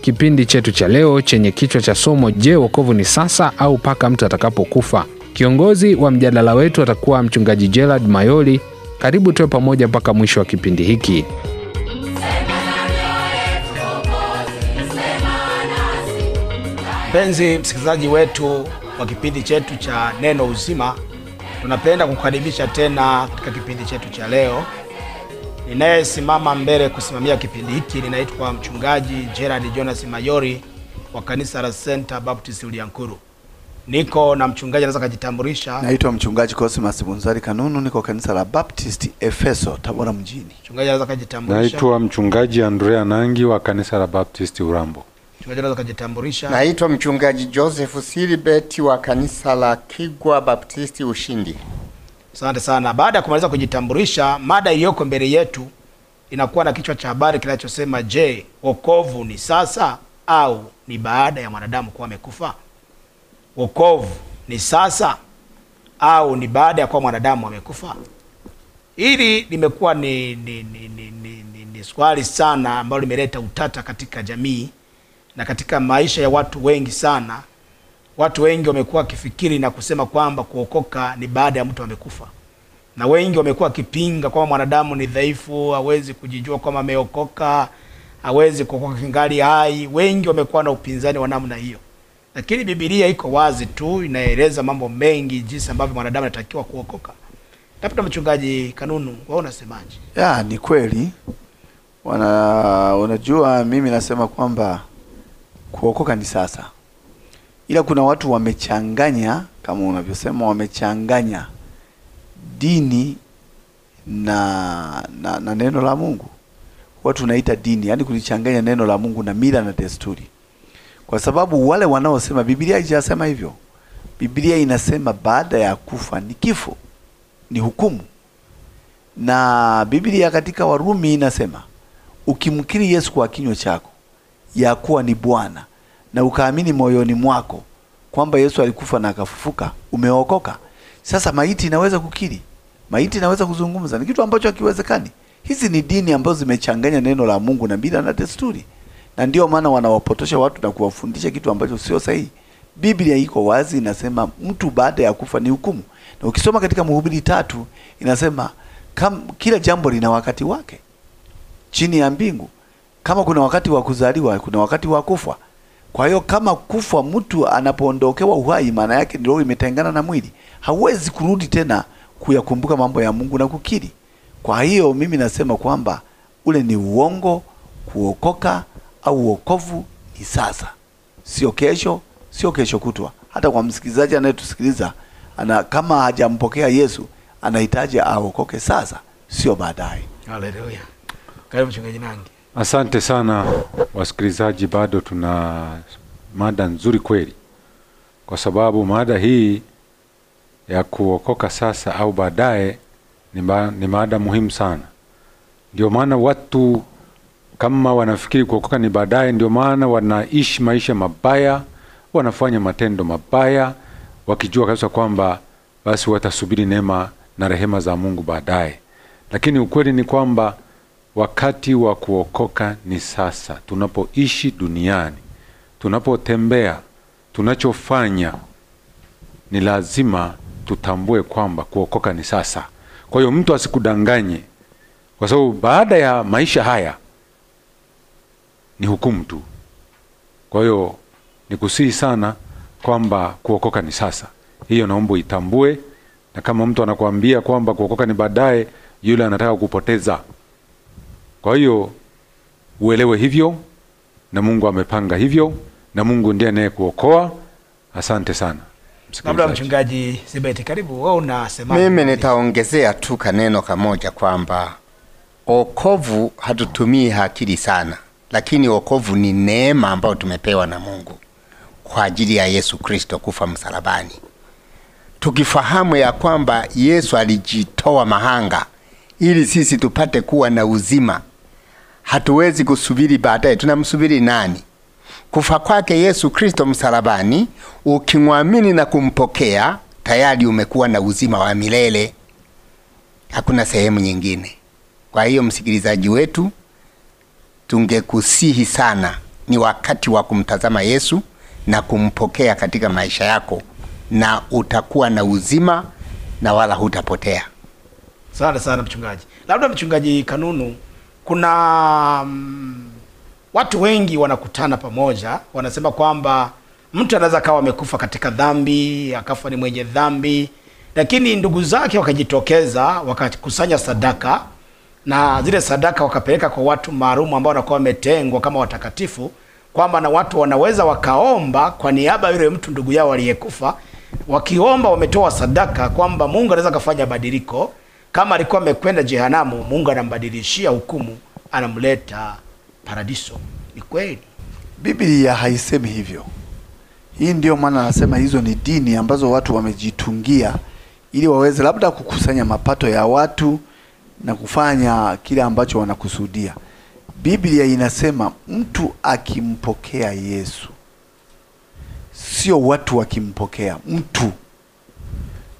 kipindi chetu cha leo chenye kichwa cha somo, Je, wokovu ni sasa au mpaka mtu atakapokufa? Kiongozi wa mjadala wetu atakuwa Mchungaji Gerald Mayoli. Karibu tuwe pamoja mpaka mwisho wa kipindi hiki. Mpenzi msikilizaji wetu wa kipindi chetu cha Neno Uzima, tunapenda kukaribisha tena katika kipindi chetu cha leo Ninayesimama mbele kusimamia kipindi hiki ninaitwa Mchungaji Gerard Jonas Mayori wa kanisa la Center Baptist Uliankuru. Niko na mchungaji anaweza kujitambulisha. Naitwa mchungaji Cosmas Bunzari Kanunu, niko kanisa la Baptist Efeso, Tabora mjini. Mchungaji anaweza kujitambulisha. Naitwa mchungaji Andrea Nangi wa kanisa la Baptist Urambo. Mchungaji anaweza kujitambulisha. Naitwa mchungaji Joseph Silibeti wa kanisa la Kigwa Baptist Ushindi. Asante sana. Baada ya kumaliza kujitambulisha, mada iliyoko mbele yetu inakuwa na kichwa cha habari kinachosema je, wokovu ni sasa au ni baada ya mwanadamu kuwa amekufa? Wokovu ni sasa au ni baada ya kuwa mwanadamu amekufa? Hili limekuwa ni, ni, ni, ni, ni, ni, ni swali sana ambalo limeleta utata katika jamii na katika maisha ya watu wengi sana Watu wengi wamekuwa wakifikiri na kusema kwamba kuokoka ni baada ya mtu amekufa, na wengi wamekuwa wakipinga kwamba mwanadamu ni dhaifu, hawezi kujijua kwamba ameokoka, hawezi kuokoka kingali hai. Wengi wamekuwa na upinzani wa namna hiyo, lakini Biblia iko wazi tu, inaeleza mambo mengi, jinsi ambavyo mwanadamu anatakiwa kuokoka. Labda mchungaji Kanunu, wewe unasemaje? Ya, ni kweli wana, unajua mimi nasema kwamba kuokoka ni sasa ila kuna watu wamechanganya, kama unavyosema, wamechanganya dini na, na, na neno la Mungu. watu naita dini, yaani kulichanganya neno la Mungu na mila na desturi, kwa sababu wale wanaosema Biblia haijasema hivyo. Biblia inasema baada ya kufa ni kifo, ni hukumu, na Biblia katika Warumi inasema ukimkiri Yesu kwa kinywa chako ya kuwa ni Bwana na ukaamini moyoni mwako kwamba Yesu alikufa na akafufuka, umeokoka. Sasa maiti inaweza kukiri, maiti inaweza kuzungumza, ni kitu ambacho hakiwezekani. Hizi ni dini ambazo zimechanganya neno la Mungu na mila na desturi, na ndio maana wanawapotosha watu na kuwafundisha kitu ambacho sio sahihi. Biblia iko wazi, inasema mtu baada ya kufa ni hukumu, na ukisoma katika Mhubiri tatu inasema kam, kila jambo lina wakati wake chini ya mbingu. Kama kuna wakati wa kuzaliwa, kuna wakati wa kufa kwa hiyo kama kufa mtu anapoondokewa uhai, maana yake roho imetengana na mwili, hawezi kurudi tena kuyakumbuka mambo ya Mungu na kukiri. Kwa hiyo mimi nasema kwamba ule ni uongo. Kuokoka au uokovu ni sasa, sio kesho, sio kesho kutwa. Hata kwa msikilizaji anayetusikiliza ana, kama hajampokea Yesu anahitaji aokoke sasa, sio baadaye. Haleluya! Karibu mchungaji Nangi. Asante sana wasikilizaji, bado tuna mada nzuri kweli, kwa sababu mada hii ya kuokoka sasa au baadaye ni, ma, ni mada muhimu sana. Ndio maana watu kama wanafikiri kuokoka ni baadaye, ndio maana wanaishi maisha mabaya, wanafanya matendo mabaya, wakijua kabisa kwamba basi watasubiri neema na rehema za Mungu baadaye, lakini ukweli ni kwamba Wakati wa kuokoka ni sasa, tunapoishi duniani, tunapotembea, tunachofanya, ni lazima tutambue kwamba kuokoka ni sasa. Kwa hiyo mtu asikudanganye, kwa sababu baada ya maisha haya ni hukumu tu. Kwa hiyo nikusihi sana kwamba kuokoka ni sasa, hiyo naomba itambue, na kama mtu anakuambia kwamba kuokoka ni baadaye, yule anataka kupoteza kwa hiyo uelewe hivyo, na Mungu amepanga hivyo, na Mungu ndiye anayekuokoa. Asante sana. Labda mchungaji Sibeti, karibu wewe unasema. Mimi nitaongezea tu kaneno kamoja kwamba okovu hatutumii akili sana, lakini okovu ni neema ambayo tumepewa na Mungu kwa ajili ya Yesu Kristo kufa msalabani. Tukifahamu ya kwamba Yesu alijitoa mahanga ili sisi tupate kuwa na uzima hatuwezi kusubiri baadaye. Tunamsubiri nani? Kufa kwake Yesu Kristo msalabani, ukimwamini na kumpokea, tayari umekuwa na uzima wa milele. Hakuna sehemu nyingine. Kwa hiyo, msikilizaji wetu, tungekusihi sana, ni wakati wa kumtazama Yesu na kumpokea katika maisha yako, na utakuwa na uzima na wala hutapotea. Asante sana mchungaji. Labda mchungaji Kanunu kuna um, watu wengi wanakutana pamoja wanasema kwamba mtu anaweza kawa amekufa katika dhambi akafa ni mwenye dhambi lakini ndugu zake wakajitokeza wakakusanya sadaka na zile sadaka wakapeleka kwa watu maalumu ambao wanakuwa wametengwa kama watakatifu kwamba na watu wanaweza wakaomba kwa niaba yule mtu ndugu yao aliyekufa wakiomba wametoa sadaka kwamba mungu anaweza akafanya badiliko kama alikuwa amekwenda jehanamu, Mungu anambadilishia hukumu, anamleta paradiso. Ni kweli, Biblia haisemi hivyo. Hii ndiyo maana anasema hizo ni dini ambazo watu wamejitungia ili waweze labda kukusanya mapato ya watu na kufanya kile ambacho wanakusudia. Biblia inasema mtu akimpokea Yesu, sio watu wakimpokea, mtu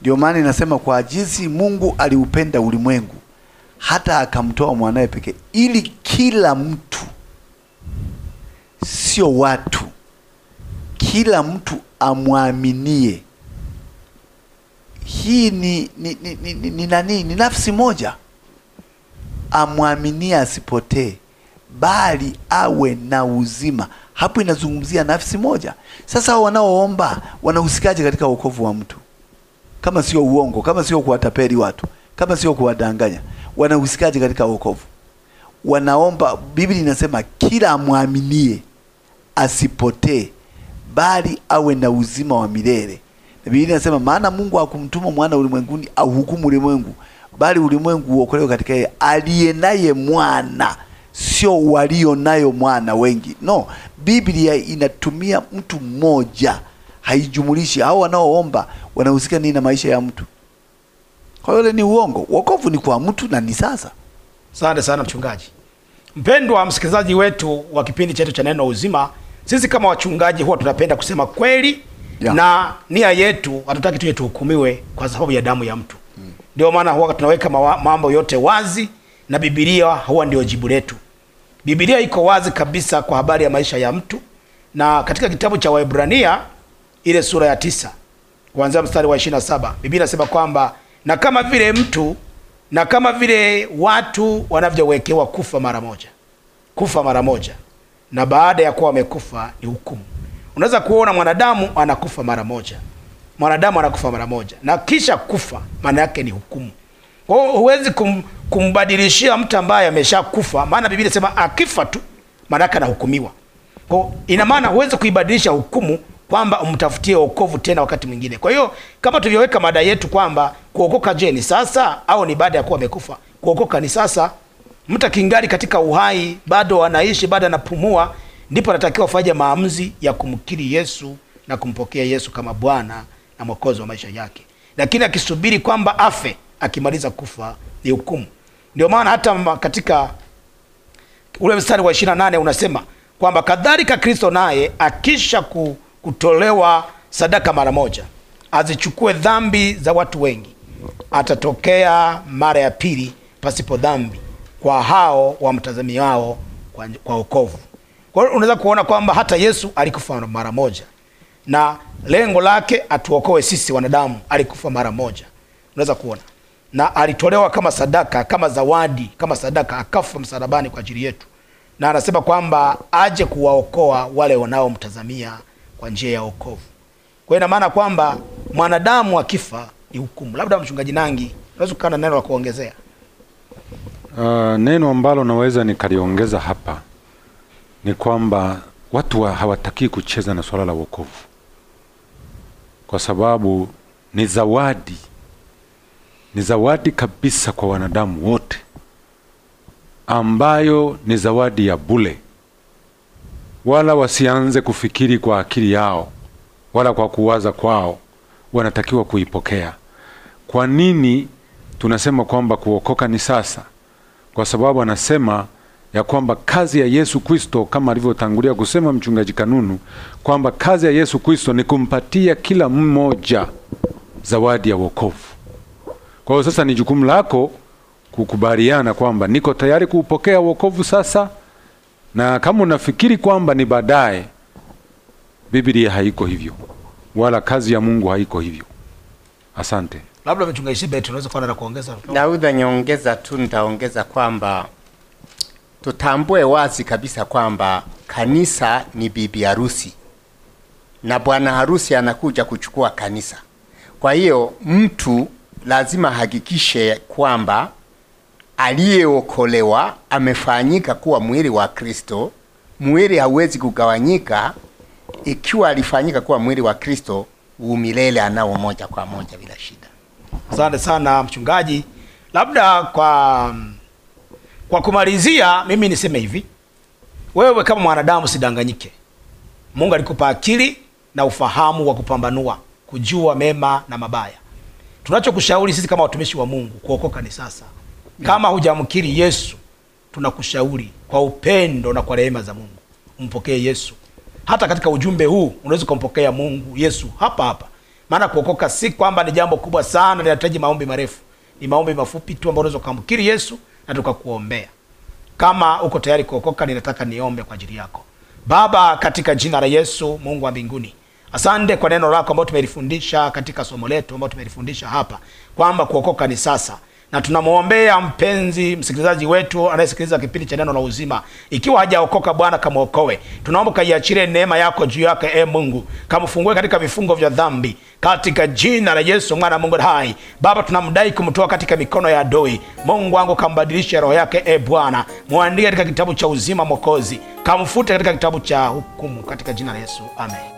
ndio maana inasema kwa jinsi Mungu aliupenda ulimwengu hata akamtoa mwanaye pekee, ili kila mtu, sio watu, kila mtu amwaminie. Hii ni ni, ni, ni, ni, ni, nani? Ni nafsi moja, amwaminie asipotee, bali awe na uzima. Hapo inazungumzia nafsi moja. Sasa wanaoomba wanahusikaje katika wokovu wa mtu? kama sio uongo, kama sio kuwatapeli watu, kama sio kuwadanganya, wanahusikaje katika wokovu? Wanaomba, Biblia inasema kila amwaminie asipotee, bali awe na uzima wa milele. Na Biblia inasema maana Mungu hakumtuma mwana ulimwenguni auhukumu ulimwengu, bali ulimwengu uokolewe katika yeye. Aliye naye mwana, sio walio nayo mwana wengi. No, Biblia inatumia mtu mmoja haijumulishi hao wanaoomba wanahusika nini na maisha ya mtu. Kwa hiyo ni uongo. Wokovu ni kwa mtu na ni sasa. Asante sana mchungaji. Mpendwa msikilizaji wetu wa kipindi chetu cha neno uzima, sisi kama wachungaji huwa tunapenda kusema kweli ya. na nia yetu, hatutaki tuje tuhukumiwe kwa sababu ya damu ya mtu mm. ndio maana huwa tunaweka mambo yote wazi, na Biblia huwa ndio jibu letu. Biblia iko wazi kabisa kwa habari ya maisha ya mtu, na katika kitabu cha Waebrania ile sura ya tisa kuanzia mstari wa ishirini na saba Biblia inasema kwamba na kama vile mtu na kama vile watu wanavyowekewa kufa mara moja, kufa mara moja, na baada ya kuwa wamekufa ni hukumu. Unaweza kuona mwanadamu anakufa mara moja, mwanadamu anakufa mara moja, na kisha kufa maana yake ni hukumu. Kwa hiyo huwezi kum, kumbadilishia mtu ambaye ameshakufa, maana Biblia inasema akifa tu maana yake anahukumiwa. Kwa ina maana huwezi kuibadilisha hukumu kwamba umtafutie wokovu tena wakati mwingine. Kwa hiyo kama tulivyoweka mada yetu kwamba kuokoka, je, ni sasa au ni baada ya kuwa amekufa? Kuokoka ni sasa, mtu akingali katika uhai, bado anaishi, bado anapumua, ndipo anatakiwa afanye maamuzi ya kumkiri Yesu na kumpokea Yesu kama Bwana na Mwokozi wa maisha yake, lakini akisubiri kwamba afe, akimaliza kufa ni hukumu. Ndio maana hata katika ule mstari wa 28 unasema kwamba kadhalika Kristo naye akisha ku kutolewa sadaka mara moja, azichukue dhambi za watu wengi. Atatokea mara ya pili pasipo dhambi kwa hao wamtazamia wao kwa, kwa wokovu. Kwa hiyo unaweza kuona kwamba hata Yesu alikufa mara moja, na lengo lake atuokoe sisi wanadamu. Alikufa mara moja, unaweza kuona na alitolewa kama sadaka, kama zawadi, kama sadaka, akafa msalabani kwa ajili yetu, na anasema kwamba aje kuwaokoa wale wanaomtazamia kwa njia ya wokovu. Kwa hiyo ina maana kwamba mwanadamu akifa ni hukumu. Labda mchungaji Nangi, unaweza kukaa na neno la kuongezea? Uh, neno ambalo naweza nikaliongeza hapa ni kwamba watu wa hawataki kucheza na swala la wokovu, kwa sababu ni zawadi, ni zawadi kabisa kwa wanadamu wote, ambayo ni zawadi ya bule wala wasianze kufikiri kwa akili yao wala kwa kuwaza kwao, wanatakiwa kuipokea. Kwa nini tunasema kwamba kuokoka ni sasa? Kwa sababu anasema ya kwamba kazi ya Yesu Kristo, kama alivyotangulia kusema mchungaji Kanunu, kwamba kazi ya Yesu Kristo ni kumpatia kila mmoja zawadi ya wokovu. Kwa hiyo sasa ni jukumu lako kukubaliana kwamba niko tayari kuupokea wokovu sasa na kama unafikiri kwamba ni baadaye, Biblia haiko hivyo, wala kazi ya Mungu haiko hivyo. Asante. Labda mchungaji Shibet unaweza kwenda na kuongeza. Daudi. niongeza tu, nitaongeza kwamba tutambue wazi kabisa kwamba kanisa ni bibi harusi na bwana harusi anakuja kuchukua kanisa. Kwa hiyo mtu lazima ahakikishe kwamba aliyeokolewa amefanyika kuwa mwili wa Kristo. Mwili hauwezi kugawanyika, ikiwa alifanyika kuwa mwili wa Kristo, umilele anao moja kwa moja bila shida. Asante sana mchungaji. Labda kwa kwa kumalizia, mimi niseme hivi, wewe kama mwanadamu sidanganyike, Mungu alikupa akili na ufahamu wa kupambanua, kujua mema na mabaya. Tunachokushauri sisi kama watumishi wa Mungu kuokoka ni sasa. Kama hujamkiri Yesu, tunakushauri kwa upendo na kwa rehema za Mungu umpokee Yesu. Hata katika ujumbe huu unaweza kumpokea Mungu Yesu hapa hapa, maana kuokoka si kwamba ni jambo kubwa sana linahitaji maombi marefu, ni maombi mafupi tu ambayo unaweza kumkiri Yesu na tukakuombea. Kama uko tayari kuokoka, ninataka niombe kwa ajili yako. Baba, katika jina la Yesu, Mungu wa mbinguni, asante kwa neno lako ambalo tumelifundisha katika somo letu ambalo tumelifundisha hapa kwamba kuokoka ni sasa na tunamwombea mpenzi msikilizaji wetu anayesikiliza kipindi cha neno la uzima. Ikiwa hajaokoka, Bwana kamwokoe. Tunaomba ukaiachilie neema yako juu yake, e Mungu, kamfungue katika vifungo vya dhambi, katika jina la Yesu mwana wa Mungu hai. Baba, tunamdai kumtoa katika mikono ya adui. Mungu wangu, kambadilishe roho yake, e Bwana, mwandike katika kitabu cha uzima, Mwokozi, kamfute katika kitabu cha hukumu, katika jina la Yesu, amen.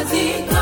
kazi.